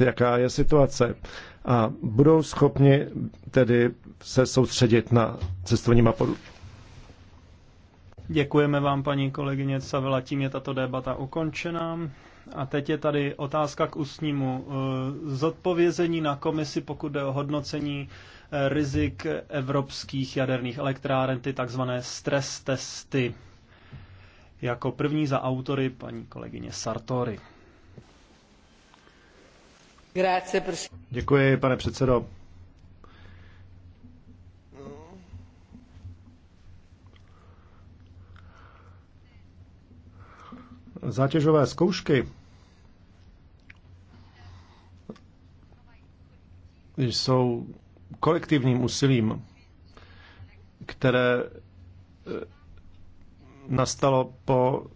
jaká je situace. A budou schopni tedy se soustředit na cestovní mapu. Děkujeme vám, paní kolegyně Savila. tím je tato debata ukončena. A teď je tady otázka k ústnímu eh, zodpovězení na komisi, pokud jde o hodnocení eh, rizik evropských jaderných elektráren, ty takzvané stres testy. Jako první za autory paní kolegyně Sartori. Děkuji, pane předsedo. Zátěžové zkoušky jsou kolektivním úsilím, které eh, nastalo po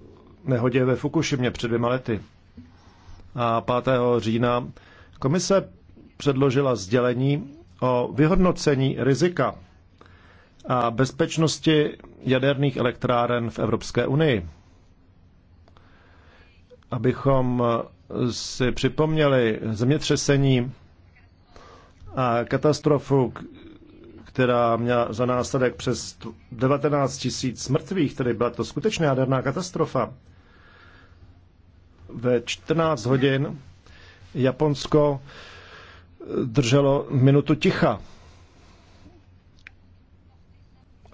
nehodě ve Fukušimě před dvěma lety. A 5. října Komise předložila sdělení o vyhodnocení rizika a bezpečnosti jaderných elektráren v Evropské unii. Abychom si připomněli zemětřesení a katastrofu, která měla za následek přes 19 000 mrtvých, tedy byla to skutečná jaderná katastrofa, ve 14 hodin Japonsko drželo minutu ticha.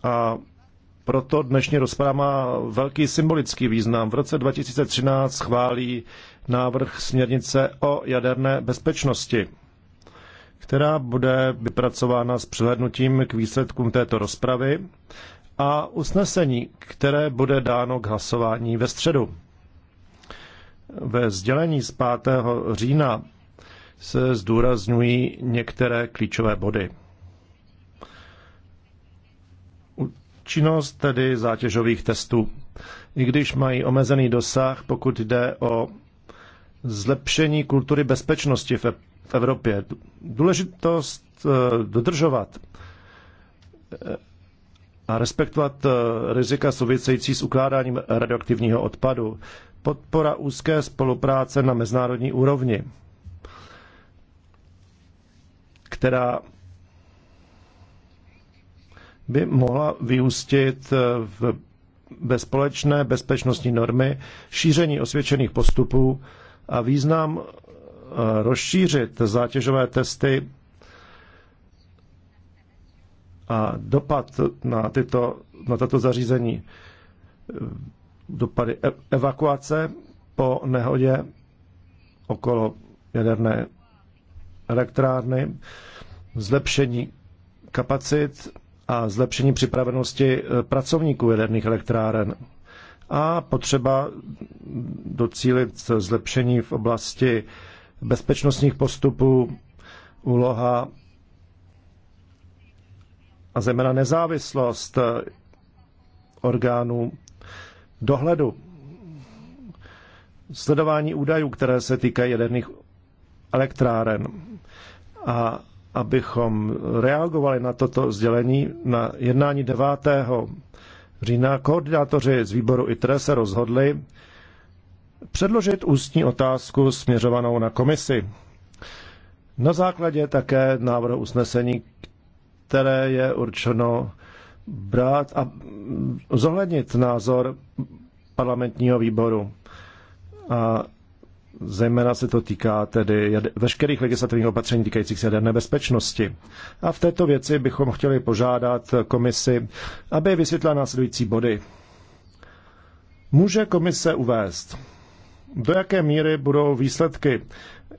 A proto dnešní rozprava má velký symbolický význam. V roce 2013 schválí návrh směrnice o jaderné bezpečnosti, která bude vypracována s přihlednutím k výsledkům této rozpravy a usnesení, které bude dáno k hlasování ve středu. Ve sdělení z 5. října se zdůrazňují některé klíčové body. Činnost tedy zátěžových testů. I když mají omezený dosah, pokud jde o zlepšení kultury bezpečnosti v e- Evropě, důležitost e, dodržovat e, a respektovat rizika související s ukládáním radioaktivního odpadu, podpora úzké spolupráce na mezinárodní úrovni, která by mohla vyústit v bezpolečné bezpečnostní normy, šíření osvědčených postupů a význam eh, rozšířit zátěžové testy a dopad na, tyto, na tato zařízení dopady e- evakuace po nehodě okolo jaderné elektrárny, zlepšení kapacit a zlepšení připravenosti e, pracovníků jaderných elektráren a potřeba docílit zlepšení v oblasti bezpečnostních postupů, úloha a zejména nezávislost orgánů dohledu, sledování údajů, které se týkají jaderných elektráren. A abychom reagovali na toto sdělení, na jednání 9. října koordinátoři z výboru ITRE se rozhodli předložit ústní otázku směřovanou na komisi. Na základě také návrhu usnesení, které je určeno brát a zohlednit názor parlamentního výboru. A zejména se to týká tedy veškerých legislativních opatření týkajících se jaderné bezpečnosti. A v této věci bychom chtěli požádat komisi, aby vysvětlila následující body. Může komise uvést, do jaké míry budou výsledky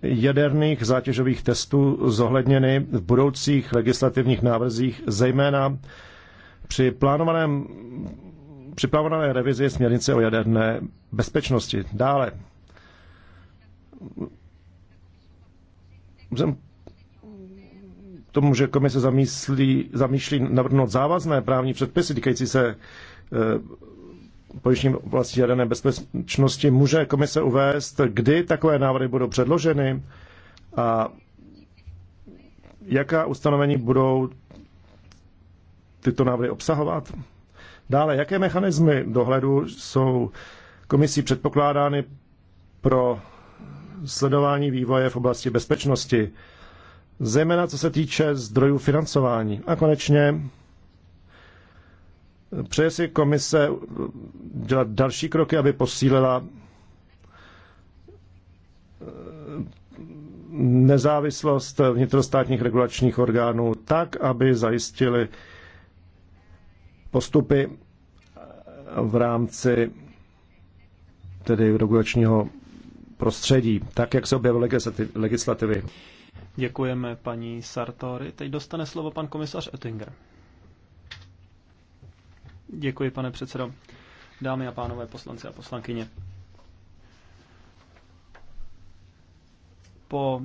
jaderných zátěžových testů zohledněny v budoucích legislativních návrzích, zejména při plánovaném při plánované revizi směrnice o jaderné bezpečnosti. Dále. Vzhledem tomu, že komise zamýšlí, zamýšlí navrhnout závazné právní předpisy týkající se e, pojištění oblasti jaderné bezpečnosti, může komise uvést, kdy takové návrhy budou předloženy a jaká ustanovení budou tyto návrhy obsahovat? Dále, jaké mechanismy dohledu jsou komisí předpokládány pro sledování vývoje v oblasti bezpečnosti, zejména co se týče zdrojů financování? A konečně, přeje si komise dělat další kroky, aby posílila eh, nezávislost vnitrostátních regulačních orgánů tak, aby zajistili postupy eh, v rámci tedy regulačního prostředí, tak jak se objevily legislativy. Děkujeme paní Sartori. Teď dostane slovo pan komisař Ettinger. Děkuji, pane předsedo. Dámy a pánové, poslanci a poslankyně. Po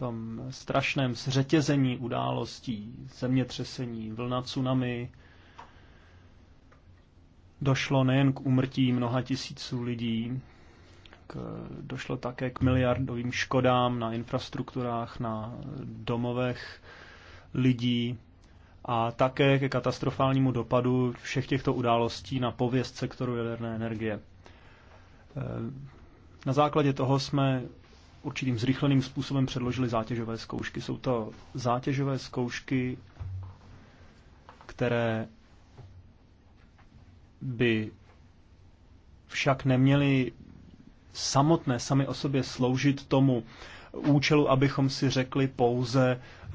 tom strašném zřetězení událostí, zemětřesení, vlna tsunami, došlo nejen k úmrtí mnoha tisíců lidí, k, došlo také k miliardovým škodám na infrastrukturách, na domovech lidí a také ke katastrofálnímu dopadu všech těchto událostí na pověst sektoru jaderné energie. Na základě toho jsme určitým zrychleným způsobem předložili zátěžové zkoušky. Jsou to zátěžové zkoušky, které by však neměly samotné, sami o sobě sloužit tomu účelu, abychom si řekli pouze eh,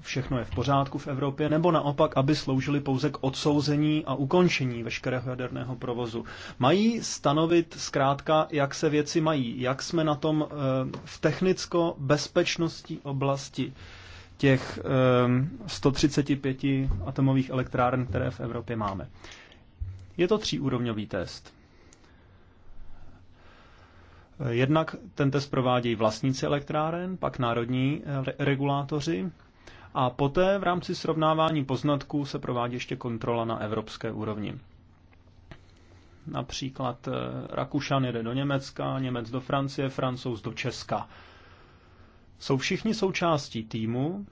všechno je v pořádku v Evropě, nebo naopak, aby sloužili pouze k odsouzení a ukončení veškerého jaderného provozu. Mají stanovit zkrátka, jak se věci mají, jak jsme na tom eh, v technicko-bezpečnostní oblasti těch 135 eh, atomových elektráren, které v Evropě máme. Je to tříúrovňový test. Jednak ten test provádějí vlastníci elektráren, pak národní eh, re- regulátoři a poté v rámci srovnávání poznatků se provádí ještě kontrola na evropské úrovni. Například eh, Rakušan jede do Německa, Němec do Francie, Francouz do Česka. Jsou všichni součástí týmu,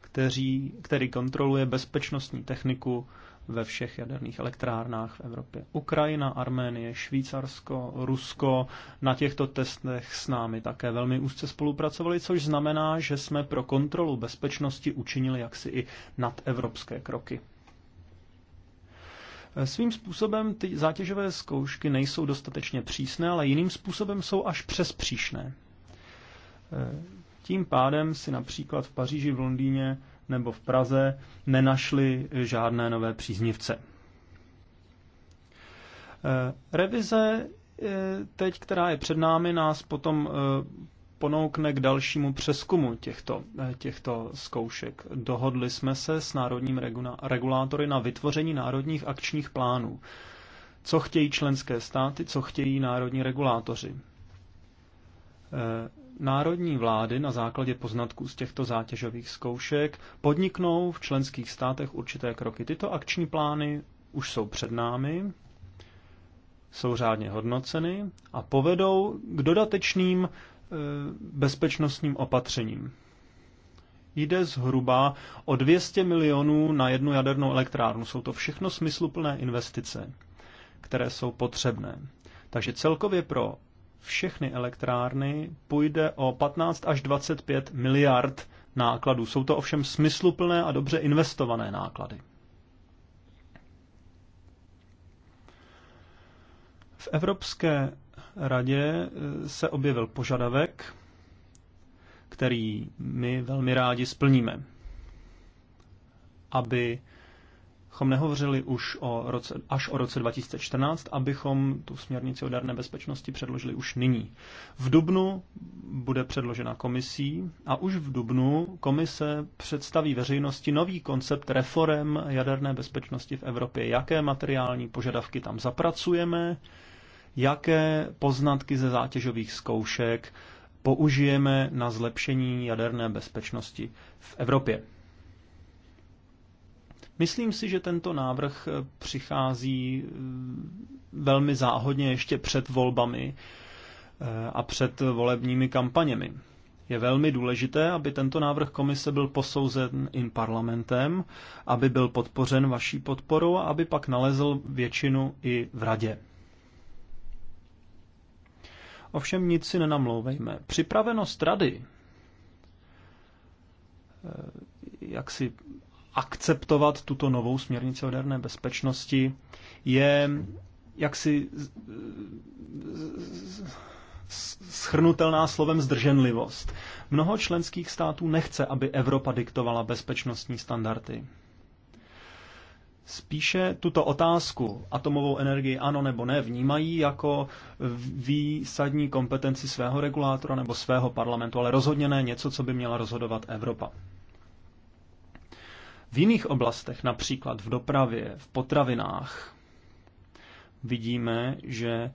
kteří, který kontroluje bezpečnostní techniku ve všech jaderných elektrárnách v Evropě. Ukrajina, Arménie, Švýcarsko, Rusko na těchto testech s námi také velmi úzce spolupracovali, což znamená, že jsme pro kontrolu bezpečnosti učinili jaksi i nadevropské kroky. Svým způsobem ty zátěžové zkoušky nejsou dostatečně přísné, ale jiným způsobem jsou až přes příšné. Tím pádem si například v Paříži, v Londýně nebo v Praze nenašli žádné nové příznivce. E, revize teď, která je před námi, nás potom e, ponoukne k dalšímu přeskumu těchto, e, těchto zkoušek. Dohodli jsme se s národním regulátory na vytvoření národních akčních plánů. Co chtějí členské státy, co chtějí národní regulátoři. Národní vlády na základě poznatků z těchto zátěžových zkoušek podniknou v členských státech určité kroky. Tyto akční plány už jsou před námi, jsou řádně hodnoceny a povedou k dodatečným eh, bezpečnostním opatřením. Jde zhruba o 200 milionů na jednu jadernou elektrárnu. Jsou to všechno smysluplné investice, které jsou potřebné. Takže celkově pro všechny elektrárny půjde o 15 až 25 miliard nákladů. Jsou to ovšem smysluplné a dobře investované náklady. V Evropské radě eh, se objevil požadavek, který my velmi rádi splníme, aby abychom nehovořili už o roce, až o roce 2014, abychom tu směrnici o darné bezpečnosti předložili už nyní. V Dubnu bude předložena komisí a už v Dubnu komise představí veřejnosti nový koncept reform jaderné bezpečnosti v Evropě. Jaké materiální požadavky tam zapracujeme, jaké poznatky ze zátěžových zkoušek použijeme na zlepšení jaderné bezpečnosti v Evropě. Myslím si, že tento návrh eh, přichází eh, velmi záhodně ještě před volbami eh, a před volebními kampaněmi. Je velmi důležité, aby tento návrh komise byl posouzen in parlamentem, aby byl podpořen vaší podporou a aby pak nalezl většinu i v radě. Ovšem nic si nenamlouvejme. Připravenost rady jak si akceptovat tuto novou směrnici o jaderné bezpečnosti, je jaksi schrnutelná slovem zdrženlivost. Mnoho členských států nechce, aby Evropa diktovala bezpečnostní standardy. Spíše tuto otázku atomovou energii ano nebo ne vnímají jako výsadní kompetenci svého regulátora nebo svého parlamentu, ale rozhodně ne něco, co by měla rozhodovat Evropa. V jiných oblastech, například v dopravě, v potravinách, vidíme, že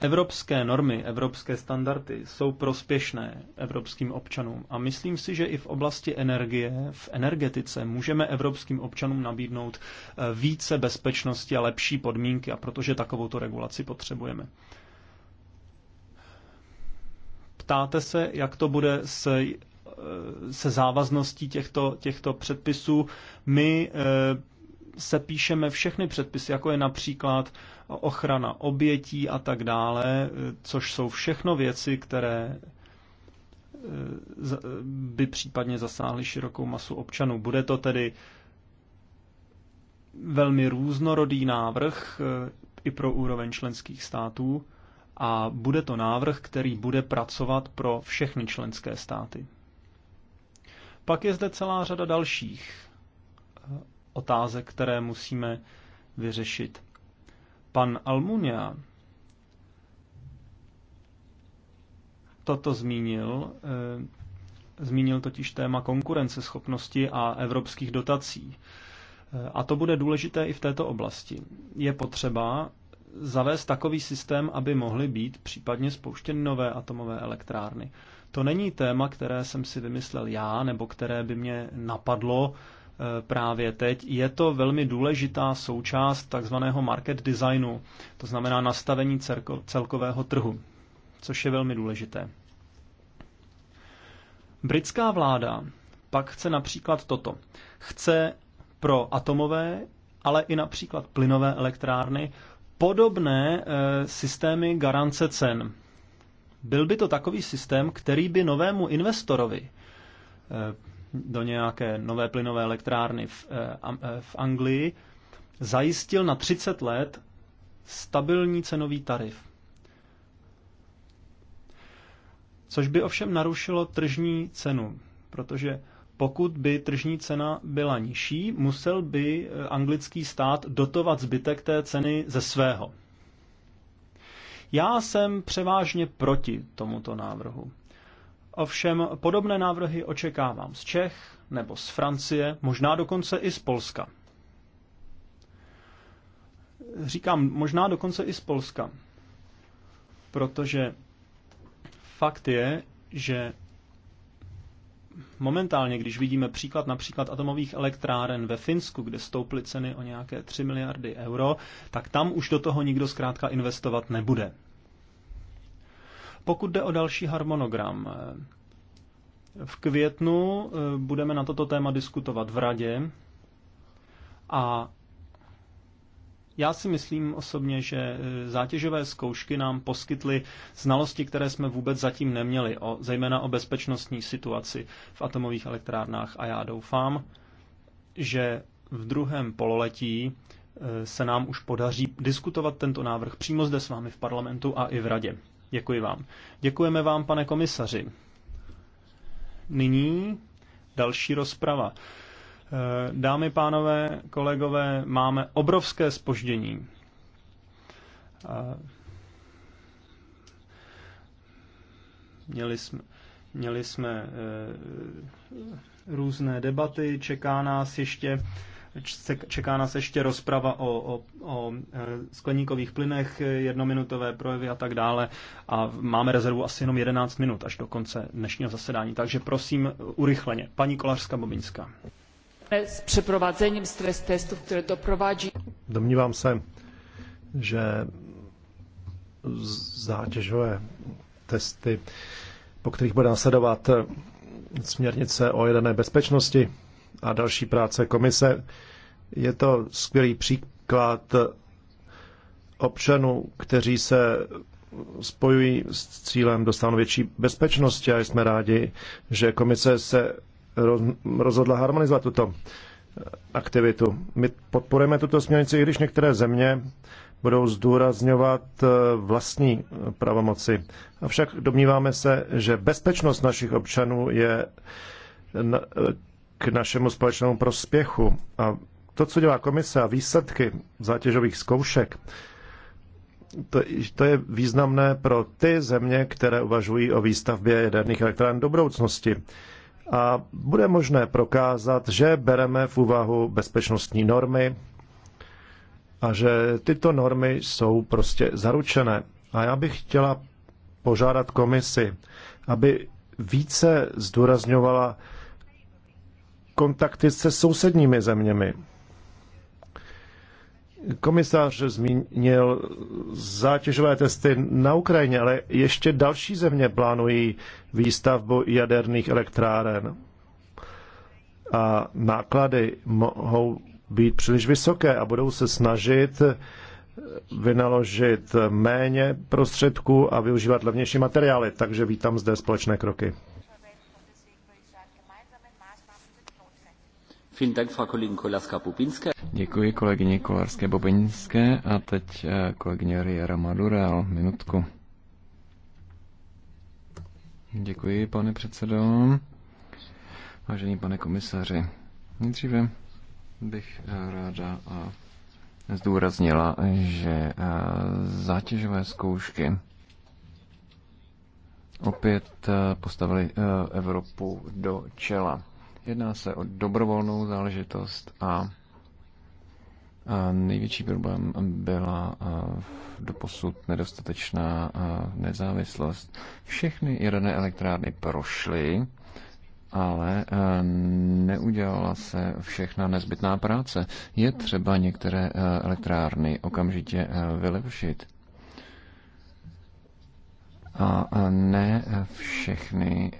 evropské normy, evropské standardy jsou prospěšné evropským občanům. A myslím si, že i v oblasti energie, v energetice, můžeme evropským občanům nabídnout eh, více bezpečnosti a lepší podmínky, a protože takovou regulaci potřebujeme. Ptáte se, jak to bude s Eh, se závazností těchto, těchto předpisů. My eh, se píšeme všechny předpisy, jako je například ochrana obětí a tak dále, eh, což jsou všechno věci, které by případně zasáhly širokou masu občanů. Bude to tedy velmi různorodý návrh i pro úroveň členských států a bude to návrh, který bude pracovat pro všechny členské státy. Pak je zde celá řada dalších eh, otázek, které musíme vyřešit. Pan Almunia toto zmínil, eh, zmínil totiž téma konkurenceschopnosti a evropských dotací. Eh, a to bude důležité i v této oblasti. Je potřeba zavést takový systém, aby mohly být případně spouštěny nové atomové elektrárny. To není téma, které jsem si vymyslel já, nebo které by mě napadlo e, právě teď. Je to velmi důležitá součást takzvaného market designu, to znamená nastavení celkového trhu, což je velmi důležité. Britská vláda pak chce například toto. Chce pro atomové, ale i například plynové elektrárny podobné e, systémy garance cen. Byl by to takový systém, který by novému investorovi eh, do nějaké nové plynové elektrárny v, eh, eh, v Anglii zajistil na 30 let stabilní cenový tarif. Což by ovšem narušilo tržní cenu, protože pokud by tržní cena byla nižší, musel by anglický stát dotovat zbytek té ceny ze svého. Já jsem převážně proti tomuto návrhu. Ovšem podobné návrhy očekávám z Čech nebo z Francie, možná dokonce i z Polska. Říkám možná dokonce i z Polska, protože fakt je, že momentálně, když vidíme příklad například atomových elektráren ve Finsku, kde stouply ceny o nějaké 3 miliardy euro, tak tam už do toho nikdo zkrátka investovat nebude. Pokud jde o další harmonogram, v květnu eh, budeme na toto téma diskutovat v radě a já si myslím osobně, že eh, zátěžové zkoušky nám poskytly znalosti, které jsme vůbec zatím neměli, o, zejména o bezpečnostní situaci v atomových elektrárnách. A já doufám, že v druhém pololetí eh, se nám už podaří diskutovat tento návrh přímo zde s vámi v parlamentu a i v radě. Děkuji vám. Děkujeme vám, pane komisaři. Nyní další rozprava. Eh, dámy, pánové, kolegové, máme obrovské spoždění. Eh, měli jsme, měli jsme eh, různé debaty, čeká nás ještě čeká nás ještě rozprava o, o, o skleníkových plynech, jednominutové projevy a tak dále. A máme rezervu asi jenom 11 minut až do konce dnešního zasedání, takže prosím urychleně. Paní Kolářská Bobinská s přeprovádzením stres testů, které doprovádí. Domnívám se, že zátěžové testy, po kterých bude následovat směrnice o jedené bezpečnosti a další práce komise, je to skvělý příklad občanů, kteří se spojují s cílem dosáhnout větší bezpečnosti a jsme rádi, že komise se rozhodla harmonizovat tuto aktivitu. My podporujeme tuto směrnici, i když některé země budou zdůrazňovat eh, vlastní pravomoci. Avšak domníváme se, že bezpečnost našich občanů je k našemu společnému prospěchu. A to, co dělá komise a výsledky zátěžových zkoušek, to, to je významné pro ty země, které uvažují o výstavbě jaderných elektrán do budoucnosti a bude možné prokázat, že bereme v úvahu bezpečnostní normy a že tyto normy jsou prostě zaručené. A já bych chtěla požádat komisi, aby více zdůrazňovala kontakty se sousedními zeměmi. Komisař zmínil zátěžové testy na Ukrajině, ale ještě další země plánují výstavbu jaderných elektráren. A náklady mohou být příliš vysoké a budou se snažit vynaložit méně prostředků a využívat levnější materiály. Takže vítám zde společné kroky. Děkuji kolegyně Kolarské Bobinské a teď eh, kolegyně Riera Madural. Minutku. Děkuji, pane předsedo. Vážený pane komisaři, nejdříve bych eh, ráda zdůraznila, že eh, zátěžové zkoušky opět postavili Evropu do čela. Jedná se o dobrovolnou záležitost a a největší problém byla doposud nedostatečná nezávislost. Všechny jaderné elektrárny prošly, ale e, neudělala se všechna nezbytná práce. Je třeba některé e, elektrárny okamžitě e, vylepšit a ne všechny,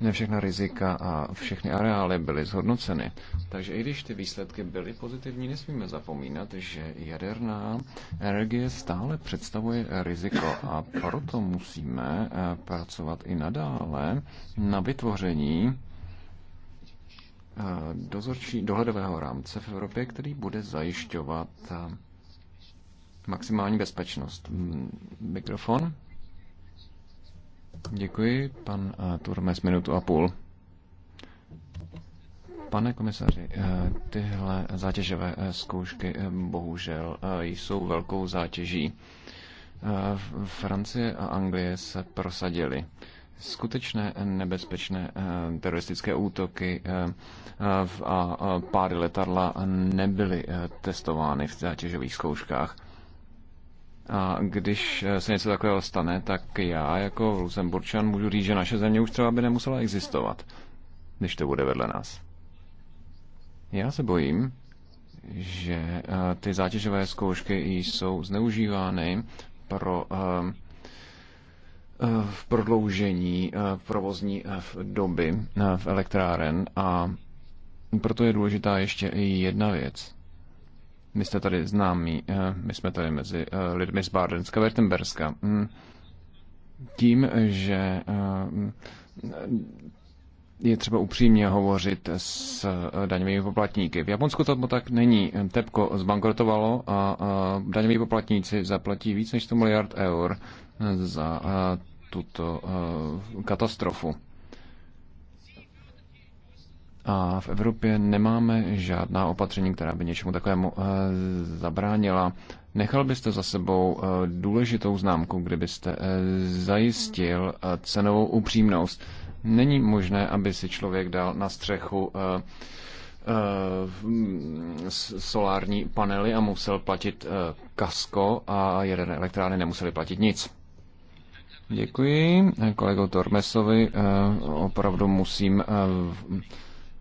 ne všechna rizika a všechny areály byly zhodnoceny. Takže i když ty výsledky byly pozitivní, nesmíme zapomínat, že jaderná energie stále představuje riziko a proto musíme pracovat i nadále na vytvoření dozorčí dohledového rámce v Evropě, který bude zajišťovat maximální bezpečnost. Mikrofon. Děkuji, pan eh, Turmes, minutu a půl. Pane komisaři, eh, tyhle zátěžové eh, zkoušky bohužel jsou velkou zátěží. Francie a Anglie se prosadily skutečné nebezpečné teroristické útoky a pády letadla nebyly testovány v zátěžových zkouškách. A když eh, se něco takového stane, tak já jako Lucemburčan můžu říct, že naše země už třeba by nemusela existovat, když to bude vedle nás. Já se bojím, že eh, ty zátěžové zkoušky jsou zneužívány pro eh, v prodloužení provozní doby v elektráren a proto je důležitá ještě i jedna věc my jste tady známí, eh, my jsme tady mezi eh, lidmi z Bárdenska, Wertemberska. Mm. Tím, že eh, je třeba upřímně hovořit s daňovými poplatníky. V Japonsku to tak není. Tepko zbankrotovalo a daňoví poplatníci zaplatí víc než 100 miliard eur za tuto katastrofu. A v Evropě nemáme žádná opatření, která by něčemu takovému eh, zabránila. Nechal byste za sebou eh, důležitou známku, kdybyste eh, zajistil cenovou upřímnost. Není možné, aby si člověk dal na střechu solární panely a musel platit kasko a jeden elektrárny nemuseli platit nic. Děkuji kolego Tormesovi. Opravdu musím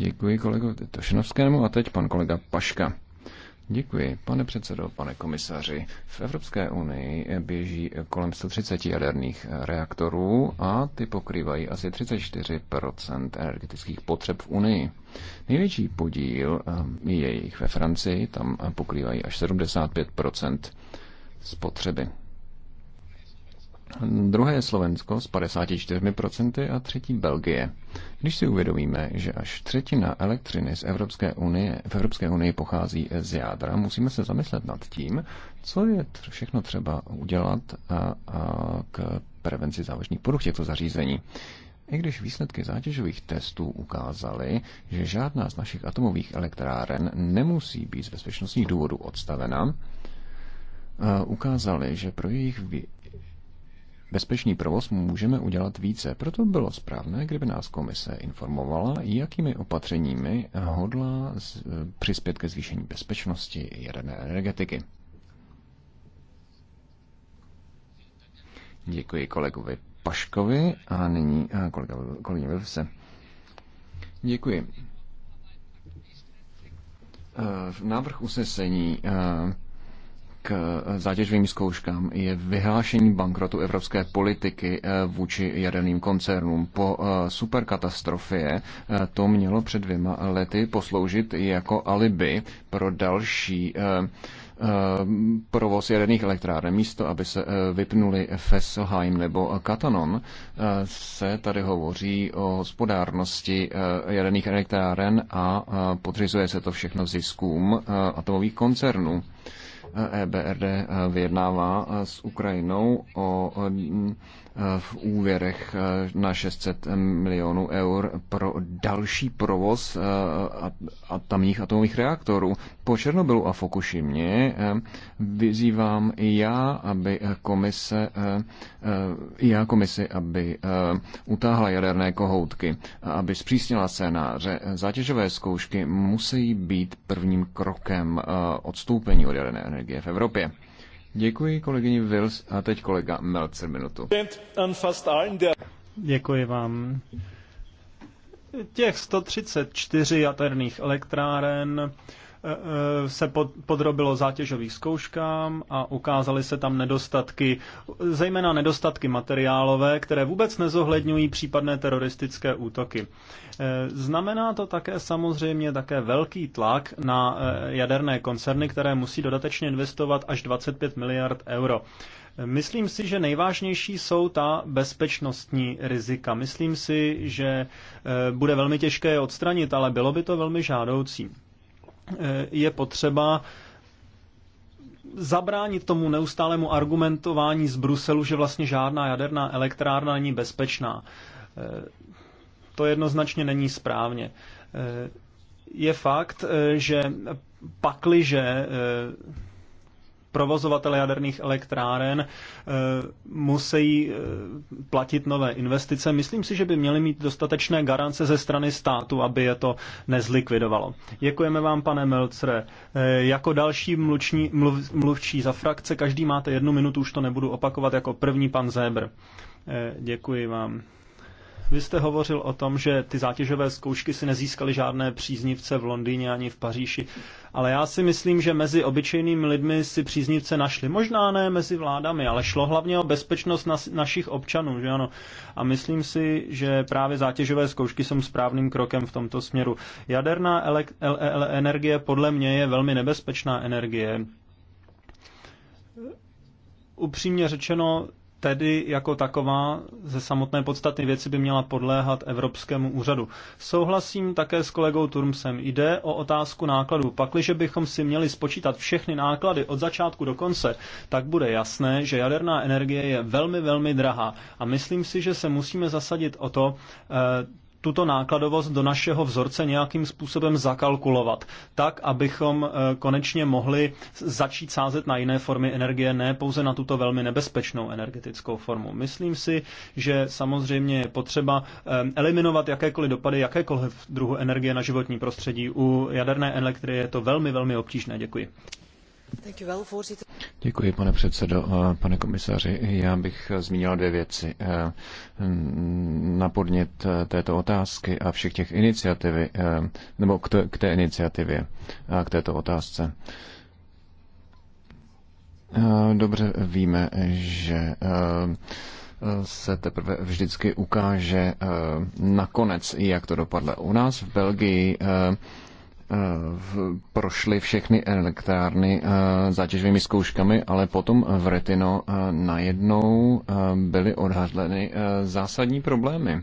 Děkuji kolego Tošinovskému a teď pan kolega Paška. Děkuji, pane předsedo, pane komisaři. V Evropské unii běží kolem 130 jaderných reaktorů a ty pokrývají asi 34 energetických potřeb v unii. Největší podíl eh, je jejich ve Francii, tam pokrývají až 75 spotřeby. Druhé je Slovensko s 54% a třetí Belgie. Když si uvědomíme, že až třetina elektřiny z Evropské unie, v Evropské unii pochází z jádra, musíme se zamyslet nad tím, co je všechno třeba udělat a, a k prevenci závažných poruch těchto zařízení. I když výsledky zátěžových testů ukázaly, že žádná z našich atomových elektráren nemusí být z bezpečnostních důvodů odstavena, ukázali, že pro jejich bezpečný provoz můžeme udělat více. Proto bylo správné, kdyby nás komise informovala, jakými opatřeními hodlá z, eh, přispět ke zvýšení bezpečnosti jaderné energetiky. Děkuji kolegovi Paškovi a nyní eh, kolega, kolegy Vilse. Děkuji. Eh, návrh usnesení k eh, zátěžovým zkouškám je vyhlášení bankrotu evropské politiky eh, vůči jaderným koncernům. Po eh, superkatastrofě to mělo před dvěma lety posloužit jako alibi pro další provoz jaderných elektráren. Místo, aby se vypnuli Fesselheim nebo Katanon, se tady hovoří o hospodárnosti jaderných elektráren a podřizuje se to všechno ziskům atomových koncernů. EBRD e, vyjednává e, s Ukrajinou o e, v úvěrech eh, na 600 milionů eur pro další provoz eh, a tamních atomových reaktorů. Po Černobylu a Fukushimě eh, vyzývám i já, aby komise, i já komisi, aby utáhla jaderné kohoutky a aby zpřísnila scénáře. Zátěžové zkoušky musí být prvním krokem odstoupení od jaderné energie v Evropě. Děkuji kolegyni Wills a teď kolega Melcer minutu. Děkuji vám. Těch 134 jaderných elektráren se podrobilo zátěžových zkouškám a ukázaly se tam nedostatky, zejména nedostatky materiálové, které vůbec nezohledňují případné teroristické útoky. Eh, znamená to také samozřejmě také velký tlak na eh, jaderné koncerny, které musí dodatečně investovat až 25 miliard euro. Myslím si, že nejvážnější jsou ta bezpečnostní rizika. Myslím si, že eh, bude velmi těžké je odstranit, ale bylo by to velmi žádoucí je potřeba zabránit tomu neustálému argumentování z Bruselu, že vlastně žádná jaderná elektrárna není bezpečná. E, to jednoznačně není správně. E, je fakt, e, že pakliže provozovatele jaderných elektráren eh, musí eh, platit nové investice. Myslím si, že by měly mít dostatečné garance ze strany státu, aby je to nezlikvidovalo. Děkujeme vám, pane Melcre. Eh, jako další mluční, mluv, mluvčí za frakce, každý máte jednu minutu, už to nebudu opakovat, jako první pan Zébr. Děkuji vám. Vy jste hovořil o tom, že ty zátěžové zkoušky si nezískaly žádné příznivce v Londýně ani v Paříži, ale já si myslím, že mezi obyčejnými lidmi si příznivce našli. Možná ne mezi vládami, ale šlo hlavně o bezpečnost nas, našich občanů, že ano. A myslím si, že právě zátěžové zkoušky jsou správným krokem v tomto směru. Jaderná ele, ele, ele, energie podle mě je velmi nebezpečná energie upřímně řečeno, tedy jako taková ze samotné podstaty věci by měla podléhat Evropskému úřadu. Souhlasím také s kolegou Turmsem. Jde o otázku nákladů. Pakliže bychom si měli spočítat všechny náklady od začátku do konce, tak bude jasné, že jaderná energie je velmi, velmi drahá. A myslím si, že se musíme zasadit o to, eh, tuto nákladovost do našeho vzorce nějakým způsobem zakalkulovat, tak, abychom eh, konečně mohli začít sázet na jiné formy energie, ne pouze na tuto velmi nebezpečnou energetickou formu. Myslím si, že samozřejmě je potřeba eh, eliminovat jakékoliv dopady jakékoliv druhu energie na životní prostředí. U jaderné elektrie je to velmi, velmi obtížné. Děkuji. Děkuji, pane předsedo. Eh, pane komisaři, já bych zmínil dvě věci. Eh, na podnět eh, této otázky a všech těch iniciativy, nebo k té iniciativě a k této otázce. Dobře víme, že se teprve vždycky ukáže nakonec, jak to dopadlo. U nás v Belgii Eh, prošly všechny elektrárny eh, zátěžovými zkouškami, ale potom v Retino eh, najednou byly odhadleny zásadní problémy.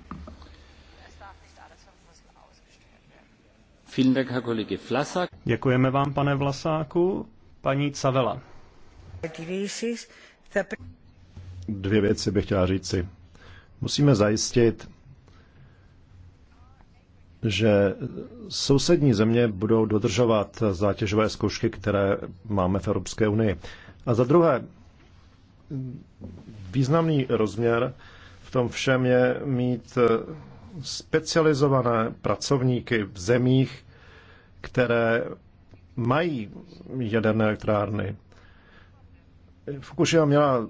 Děkujeme vám, pane Vlasáku. Paní Cavela. Dvě věci bych chtěla říci. Musíme zajistit, že sousední země budou dodržovat zátěžové zkoušky, které máme v Evropské unii. A za druhé, významný rozměr v tom všem je mít specializované pracovníky v zemích, které mají jaderné elektrárny. Fukushima měla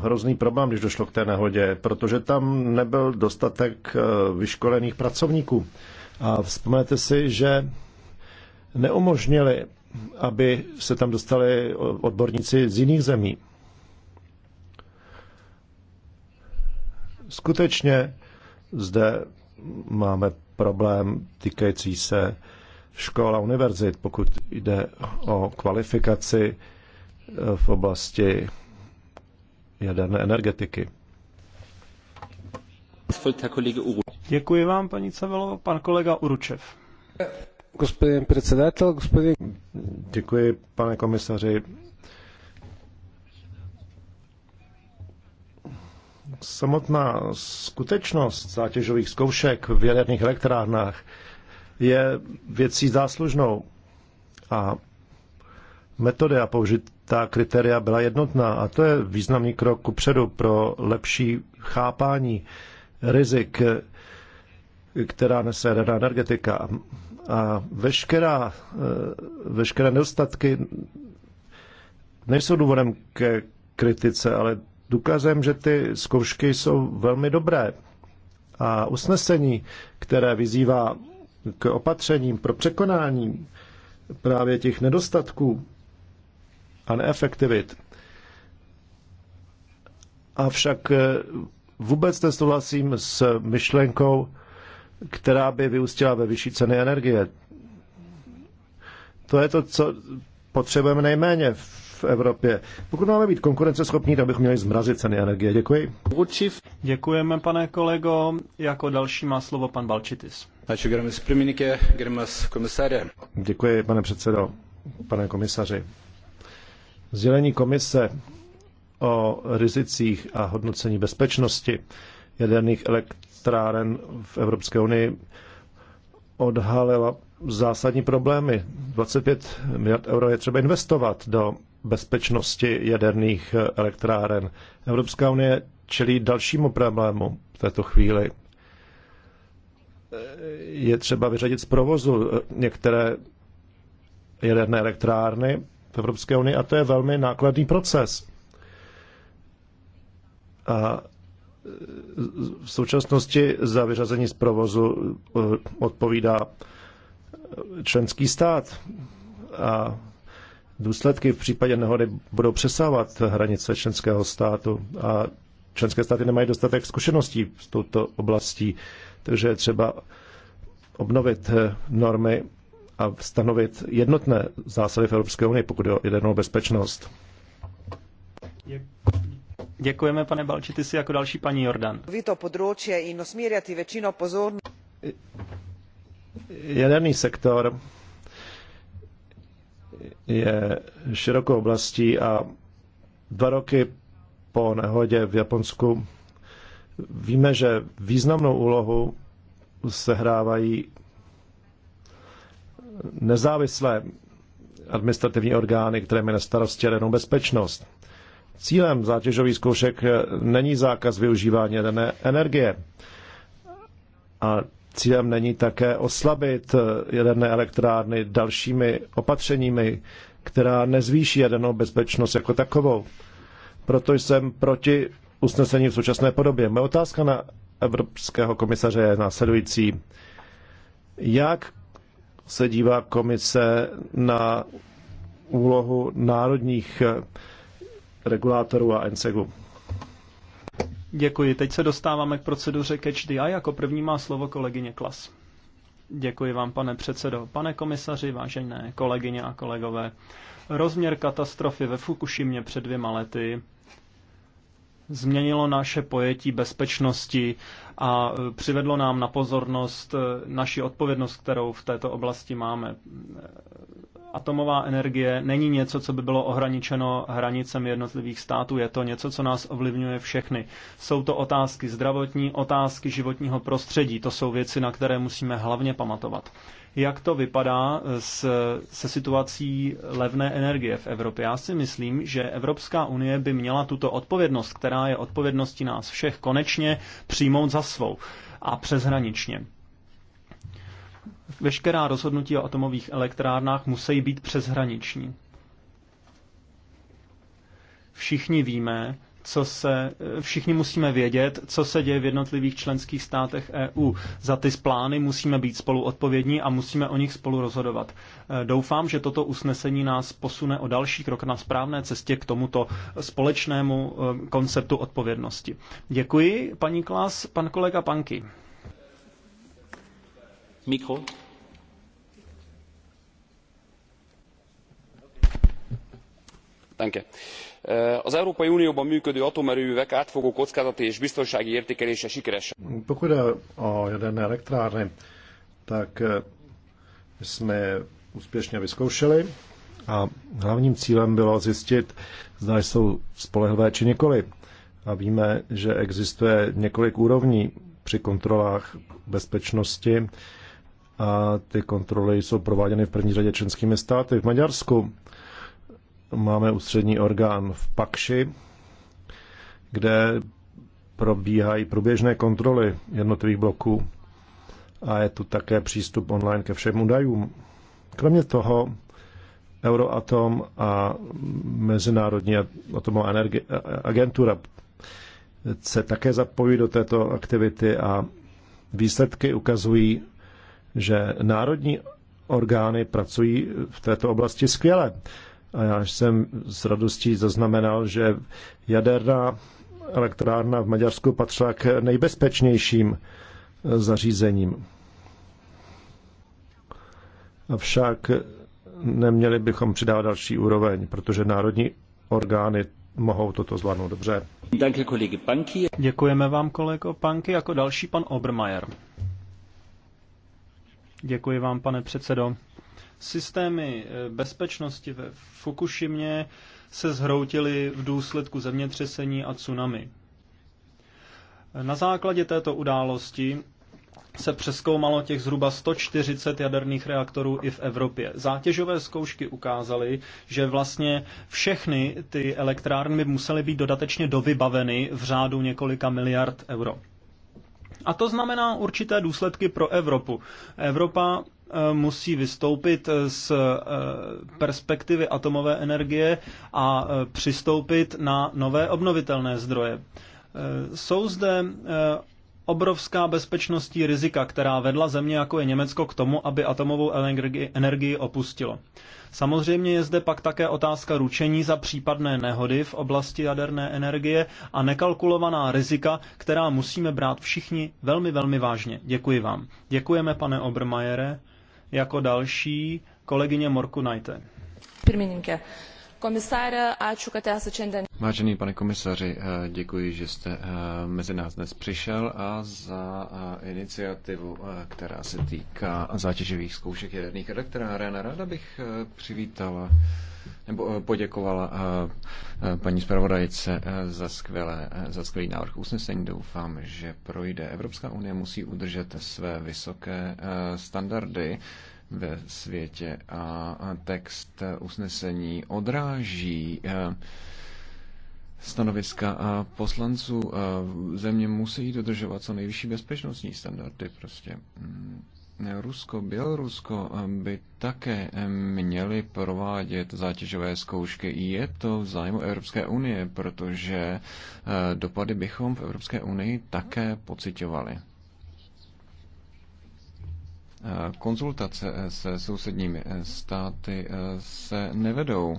hrozný problém, když došlo k té nehodě, protože tam nebyl dostatek eh, vyškolených pracovníků. A vzpomněte si, že neumožnili, aby se tam dostali odborníci z jiných zemí. Skutečně zde máme problém týkající se škol a univerzit, pokud jde o kvalifikaci v oblasti jaderné energetiky. Děkuji vám, paní Cavelova. Pan kolega Uručev. předsedatel, Děkuji, pane komisaři. samotná skutečnost zátěžových zkoušek v jaderných elektrárnách je věcí záslužnou a metody a použitá kritéria byla jednotná a to je významný krok kupředu pro lepší chápání rizik, která nese jaderná energetika. A veškerá, eh, veškeré nedostatky nejsou důvodem ke kritice, ale důkazem, že ty zkoušky jsou velmi dobré. A usnesení, které vyzývá k opatřením pro překonání právě těch nedostatků a neefektivit, avšak eh, vůbec nesouhlasím s myšlenkou, která by vyústila ve vyšší ceny energie. To je to, co potřebujeme nejméně v Evropě. Pokud máme být konkurenceschopní, tak bychom měli zmrazit ceny energie. Děkuji. Děkujeme, pane kolego. Jako další má slovo pan Balčitis. Děkuji, pane předsedo, pane komisaři. Sdělení komise o rizicích a hodnocení bezpečnosti jaderných elektráren v Evropské unii odhalila zásadní problémy. 25 miliard euro je třeba investovat do bezpečnosti jaderných eh, elektráren. Evropská unie čelí dalšímu problému v této chvíli. Eh, je třeba vyřadit z provozu eh, některé jaderné elektrárny v Evropské unii a to je velmi nákladný proces. A v současnosti za vyřazení z provozu odpovídá členský stát. A důsledky v případě nehody budou přesávat hranice členského státu a členské státy nemají dostatek zkušeností s touto oblastí, takže je třeba obnovit eh, normy a stanovit jednotné zásady v Evropské unii, pokud je o jadernou bezpečnost. Děkujeme, pane ty si jako další paní Jordan. Vy to područje i osmírjati většinou pozornost. Jaderný sektor je širokou oblastí a dva roky po nehodě v Japonsku víme, že významnou úlohu sehrávají nezávislé administrativní orgány, které mají na starosti jadernou bezpečnost. Cílem zátěžových zkoušek není zákaz využívání jaderné energie. A cílem není také oslabit eh, jaderné elektrárny dalšími opatřeními, která nezvýší jadernou bezpečnost jako takovou. Proto jsem proti usnesení v současné podobě. Moje otázka na evropského komisaře je následující. Jak se dívá komise na úlohu národních eh, regulátorů a NSEGu? Děkuji. Teď se dostáváme k proceduře Catch the Eye. Jako první má slovo kolegyně Klas. Děkuji vám, pane předsedo. Pane komisaři, vážené kolegyně a kolegové, rozměr katastrofy ve Fukušimě před dvěma lety změnilo naše pojetí bezpečnosti a e, přivedlo nám na pozornost e, naši odpovědnost, kterou v této oblasti máme. Atomová energie není něco, co by bylo ohraničeno hranicemi jednotlivých států, je to něco, co nás ovlivňuje všechny. Jsou to otázky zdravotní, otázky životního prostředí, to jsou věci, na které musíme hlavně pamatovat. Jak to vypadá s, se situací levné energie v Evropě? Já si myslím, že Evropská unie by měla tuto odpovědnost, která je odpovědností nás všech, konečně přijmout za svou a přeshraničně. Veškerá rozhodnutí o atomových elektrárnách musí být přeshraniční. Všichni víme, co se, všichni musíme vědět, co se děje v jednotlivých členských státech EU. Za ty plány musíme být spolu odpovědní a musíme o nich spolu rozhodovat. E, doufám, že toto usnesení nás posune o další krok na správné cestě k tomuto společnému e, konceptu odpovědnosti. Děkuji, paní Klas, pan kolega Panky. Mikro. az európai unióban működő atomerőművek átfogó kockázati és biztonsági értékelése sikeres. Pokud jde o jaderné elektrárny, tak jsme úspěšně vyzkoušeli a hlavním cílem bylo zjistit, zda jsou spolehlivé či nikoli. A víme, že existuje několik úrovní při kontrolách bezpečnosti a ty kontroly jsou prováděny v první řadě členskými státy. V Maďarsku máme ústřední orgán v Pakši, kde probíhají průběžné kontroly jednotlivých bloků a je tu také přístup online ke všem údajům. Kromě toho Euroatom a Mezinárodní atomová agentura se také zapojí do této aktivity a výsledky ukazují, že národní orgány pracují v této oblasti skvěle. A já jsem s radostí zaznamenal, že jaderná elektrárna v Maďarsku patřila k nejbezpečnějším zařízením. Avšak neměli bychom přidávat další úroveň, protože národní orgány mohou toto zvládnout dobře. Děkujeme vám, kolego Panky. Jako další pan Obermajer. Děkuji vám, pane předsedo. Systémy eh, bezpečnosti ve Fukušimě se zhroutily v důsledku zemětřesení a tsunami. Na základě této události se přeskoumalo těch zhruba 140 jaderných reaktorů i v Evropě. Zátěžové zkoušky ukázaly, že vlastně všechny ty elektrárny by musely být dodatečně dovybaveny v řádu několika miliard euro. A to znamená určité důsledky pro Evropu. Evropa eh, musí vystoupit z eh, perspektivy atomové energie a eh, přistoupit na nové obnovitelné zdroje. Jsou zde obrovská bezpečnostní rizika, která vedla země jako je Německo k tomu, aby atomovou energii, opustilo. Samozřejmě je zde pak také otázka ručení za případné nehody v oblasti jaderné energie a nekalkulovaná rizika, která musíme brát všichni velmi, velmi vážně. Děkuji vám. Děkujeme, pane Obermajere. Jako další kolegyně Morku Najte. Pirmininke, komisáře, kad esate šiandien. Vážený pane komisaři, eh, děkuji, že jste eh, mezi nás dnes přišel a za eh, iniciativu, která se týká zátěžových zkoušek jaderných elektráren. Ráda bych přivítala nebo poděkovala paní zpravodajce za, skvělé, za skvělý návrh usnesení. Doufám, že projde. Evropská unie musí udržet své vysoké standardy ve světě a text usnesení odráží eh, stanoviska a eh, poslanců eh, země musí dodržovat co nejvyšší bezpečnostní standardy prostě. Mm, Rusko, Bělorusko by také měli provádět zátěžové zkoušky. Je to v zájmu Evropské unie, protože dopady bychom v Evropské unii také pocitovali. Konzultace se sousedními státy eh, se nevedou.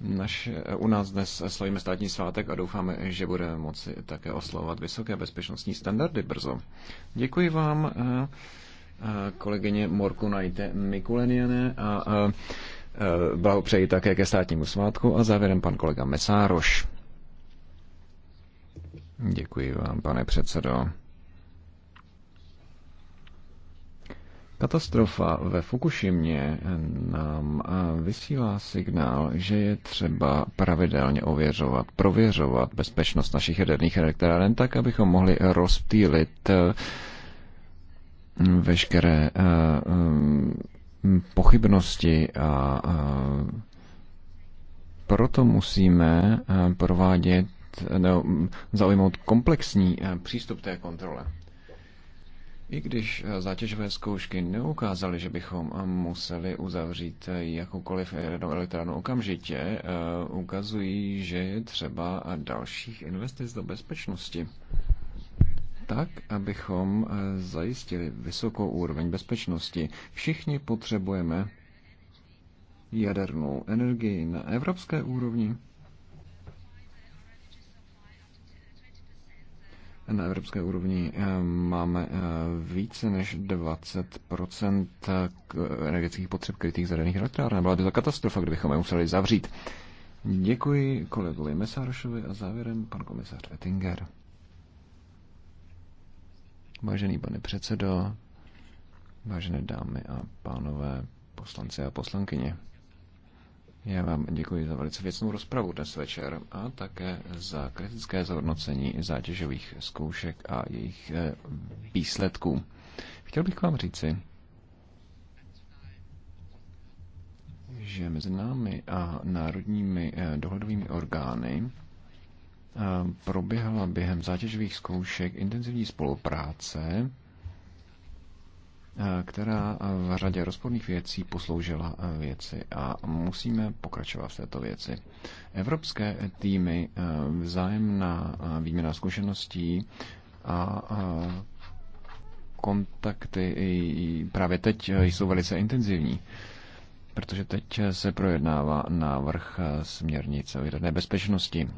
Naš, eh, u nás dnes slavíme státní svátek a doufáme, že budeme moci také oslovovat vysoké bezpečnostní standardy brzo. Děkuji vám, eh, kolegyně Morku Najte Mikuleniene a blahopřeji také ke státnímu svátku a závěrem pan kolega Mesároš. Děkuji vám, pane předsedo. Katastrofa ve Fukušimě nám eh, vysílá signál, že je třeba pravidelně ověřovat, prověřovat bezpečnost našich jaderných elektráren tak, abychom mohli rozptýlit eh, veškeré eh, pochybnosti a proto musíme provádět, no, zaujmout komplexní přístup té kontrole. I když eh, zátěžové zkoušky neukázaly, že bychom eh, museli uzavřít eh, jakoukoliv jadernou elektrárnu okamžitě, ukazují, že je třeba dalších investic do bezpečnosti. Tak, abychom zajistili vysokou úroveň bezpečnosti. Všichni potřebujeme jadernou energii na evropské úrovni na evropské úrovni eh, máme eh, více než 20 eh, energetických potřeb krytých zadaných elektráren. Byla by to katastrofa, kdybychom je museli zavřít. Děkuji kolegovi Mesárošovi a závěrem pan komisař Ettinger. Vážený pane předsedo, vážené dámy a pánové, poslanci a poslankyně. Já vám děkuji za velice věcnou rozpravu dnes večer a také za kritické zhodnocení zátěžových zkoušek a jejich eh, výsledků. Chtěl bych vám říci, že mezi námi a národními eh, dohledovými orgány eh, proběhla během zátěžových zkoušek intenzivní spolupráce která v řadě rozporných věcí posloužila eh, věci a musíme pokračovat v této věci. Evropské týmy, eh, vzájemná eh, výměna zkušeností a kontakty právě teď jsou velice intenzivní protože teď se projednává návrh směrnice o jedné bezpečnosti,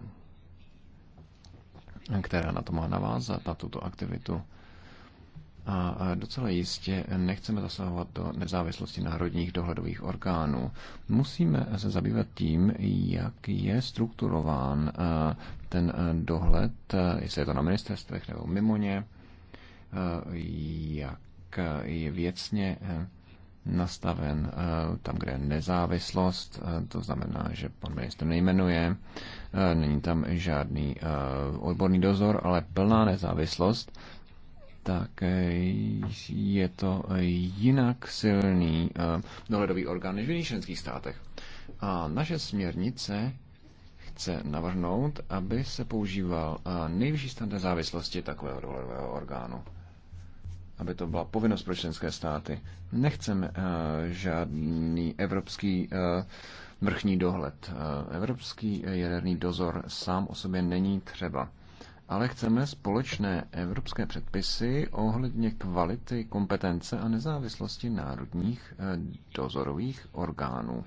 která na to má navázat, na tuto aktivitu a docela jistě nechceme zasahovat do nezávislosti národních dohledových orgánů. Musíme se zabývat tím, jak je strukturován ten dohled, jestli je to na ministerstvech nebo mimo ně, jak je věcně nastaven tam, kde je nezávislost, to znamená, že pan minister nejmenuje, není tam žádný odborný dozor, ale plná nezávislost, tak je to jinak silný eh, dohledový orgán než v jiných členských státech. A naše směrnice chce navrhnout, aby se používal eh, nejvyšší standard závislosti takového dohledového orgánu. Aby to byla povinnost pro členské státy. Nechceme eh, žádný evropský vrchní dohled. Evropský jaderný dozor sám o sobě není třeba ale chceme společné evropské předpisy ohledně kvality, kompetence a nezávislosti národních eh, dozorových orgánů.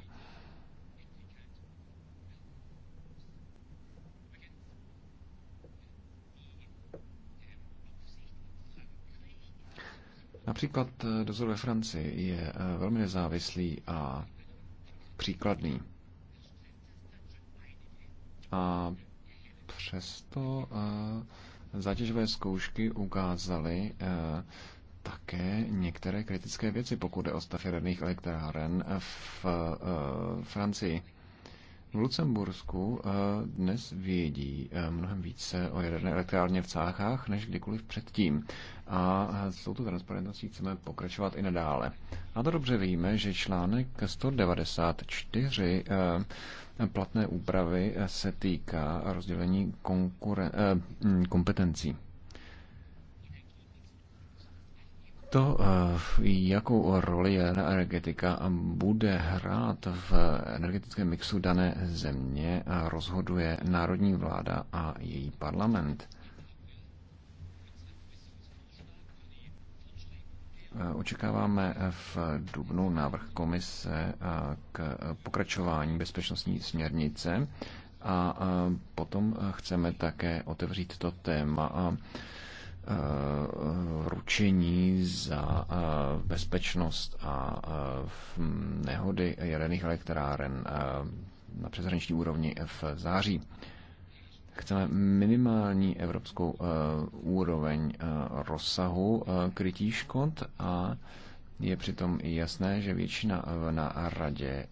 Například eh, dozor ve Francii je eh, velmi nezávislý a příkladný. A Přesto eh, zátěžové zkoušky ukázaly eh, také některé kritické věci, pokud jde o stav jaderných elektráren v eh, Francii. V Lucembursku eh, dnes vědí eh, mnohem více o jaderné elektrárně v Cáchách než kdykoliv předtím. A eh, s touto transparentností chceme pokračovat i nadále. A to dobře víme, že článek 194 platné úpravy se týká rozdělení konkuren- mm, kompetencí. To, eh, jakou roli jaderná energetika bude hrát v energetickém mixu dané země, rozhoduje národní vláda a její parlament. Eh, očekáváme v dubnu návrh komise eh, k pokračování bezpečnostní směrnice a potom chceme také otevřít to téma Eh, ručení za eh, bezpečnost a eh, nehody jaderných elektráren na přeshraniční úrovni v září. Chceme minimální evropskou úroveň rozsahu krytí škod a je přitom jasné, že většina na radě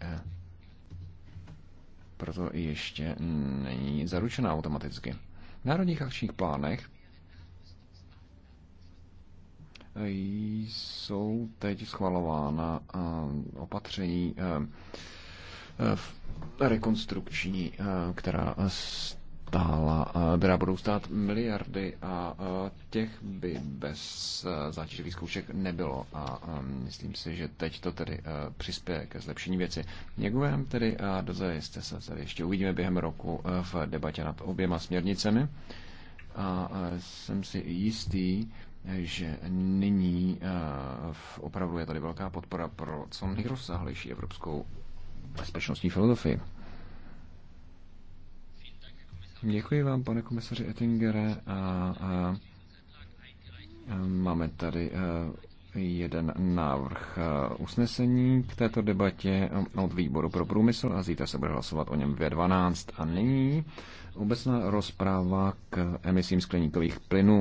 proto ještě není zaručena automaticky. V národních akčních plánech jsou teď schvalována eh, opatření eh, eh, rekonstrukční, která stála, která budou stát miliardy a těch by bez zátěžových zkoušek nebylo. A myslím si, že teď to tedy přispěje ke zlepšení věci. Děkujeme tedy a dozajistě se tady ještě uvidíme během roku v debatě nad oběma směrnicemi. A jsem si jistý, že nyní eh, opravdu je tady velká podpora pro co nejrozsáhlejší evropskou bezpečnostní filozofii. Děkuji vám, pane komisaři Ettingere. A, a, máme tady eh, jeden návrh eh, usnesení k této debatě od výboru pro průmysl a zítra se bude hlasovat o něm ve 12. A nyní obecná rozpráva k emisím skleníkových plynů.